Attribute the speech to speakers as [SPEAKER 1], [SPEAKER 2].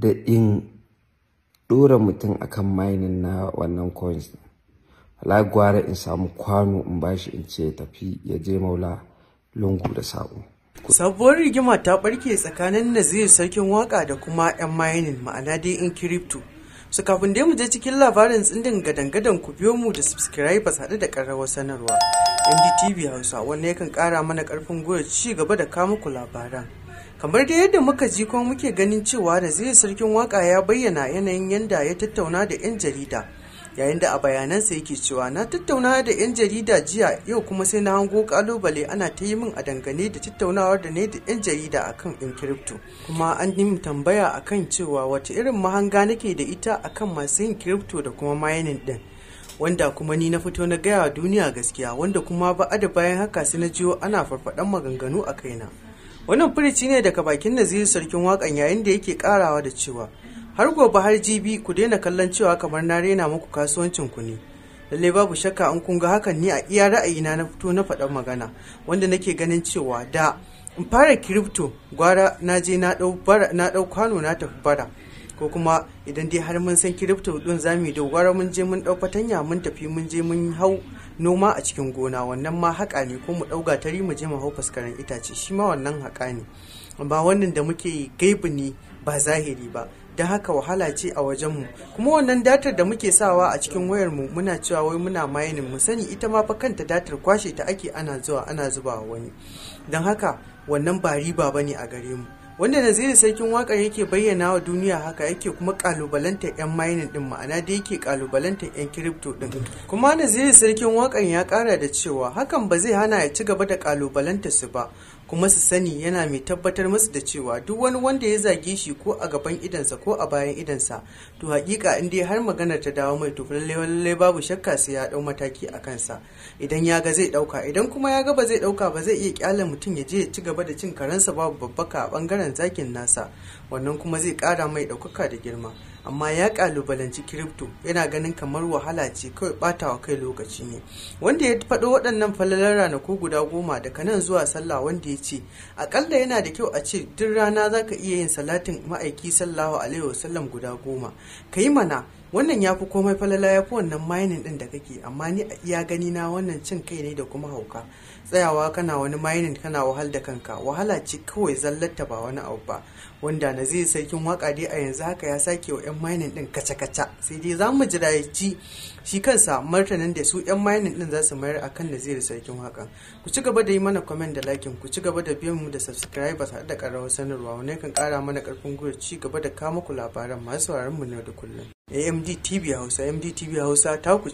[SPEAKER 1] da in ɗora mutum akan mainin na wannan coins la gwara in samu kwano in bashi in ce tafi ya je maula lungu da sabo sabuwar rigima ta barke tsakanin nazir sarkin waka da kuma yan mainin ma'ana dai in kiripto su kafin dai mu je cikin labarin tsindin gadan-gadan ku biyo mu da subscribers haɗu da ƙararrawar sanarwa ndtv hausa wannan yakan ƙara mana ƙarfin gwiwa ci gaba da kamuku labaran kamar da yadda muka ji kuma muke ganin cewa naziru sarkin waka ya bayyana yanayin yadda ya tattauna da 'yan jarida yayin da a bayanansa yake cewa na tattauna da 'yan jarida jiya yau kuma sai na hango kalubale ana ta yi min a dangane da tattaunawar da ne da 'yan jarida akan in kiripto kuma an yi tambaya akan cewa wata irin mahanga nake da ita akan masu yin kiripto da kuma mayanin din wanda kuma ni na fito na gaya duniya gaskiya wanda kuma ba da bayan haka sai na jiyo ana farfadan maganganu a kaina. wannan firici ne daga bakin naziru sarkin wakan yayin da yake karawa da cewa har gobe har jibi ku daina kallon cewa kamar na rena muku kasuwancin ku ne lalle babu shakka an kun ga hakan ni a iya ra'ayina na fito na faɗan magana wanda nake ganin cewa da in fara kiripto gwara na je na ɗau kwano na tafi bara ko kuma idan dai har mun san kiripto ɗin za mu yi dogara mun je mun ɗau fatanya mun tafi mun je mun hau noma a cikin gona wannan ma haƙa ne ko mu ɗauga tari mu je mu hau faskaren itace shi ma wannan haƙa ne ba wannan da muke gaibi ne ba zahiri ba da haka wahala ce a wajen mu kuma wannan datar da muke sawa a cikin wayar mu muna cewa wai muna mayanin mu sani ita ma fa kanta datar kwashe ta ake ana zuwa ana zubawa wani don haka wannan ba riba bane a gare mu wanda na zai sarkin waƙar yake bayyana wa duniya haka yake kuma kalubalanta yan mining din ma'ana da yake kalubalanta yan crypto din kuma na zai sarkin waƙar ya ƙara da cewa hakan ba zai hana ya ci gaba da kalubalanta su ba kuma su sani yana mai tabbatar masu da cewa duk wani wanda ya zage shi ko a gaban idansa ko a bayan idansa to hakika in dai har maganar ta dawo mai to lallai babu shakka sai ya dau mataki a kansa idan ya ga zai dauka idan kuma ya ga ba zai dauka ba zai iya kyale mutum ya je ya ci gaba da cin karensa babu babbaka a bangaren zakin nasa wannan kuma zai kara mai daukaka da girma amma ya kalubalanci crypto yana ganin kamar wahala ce kawai batawa kai lokaci ne wanda ya faɗo waɗannan falalar ko guda goma daga nan zuwa sallah wanda ya ce akalla yana da kyau a ce duk rana za ka iya yin salatin ma'aiki sallahu alaihi wasallam guda goma ka yi mana wannan ya fi komai falala ya fi wannan mining ɗin da kake amma ni iya gani na wannan cin kai ne da kuma hauka tsayawa kana wani mining kana wahal da kanka wahala ce kawai zallata ba wani abu ba wanda na zai sarkin waka dai a yanzu haka ya sake wa 'yan mining din kaca-kaca sai dai za mu ci shi kansa martanin da su 'yan mining din za su mayar a kan nazirin sarkin wakan ku ci gaba da yi mana comment da likin ku ci gaba da biyan mu da subscribers har da karawar sanarwa wani kan kara mana karfin gwiwa ci gaba da kama ku labaran masu sauraron mu na da kullum amd tv hausa amd tv hausa ta ku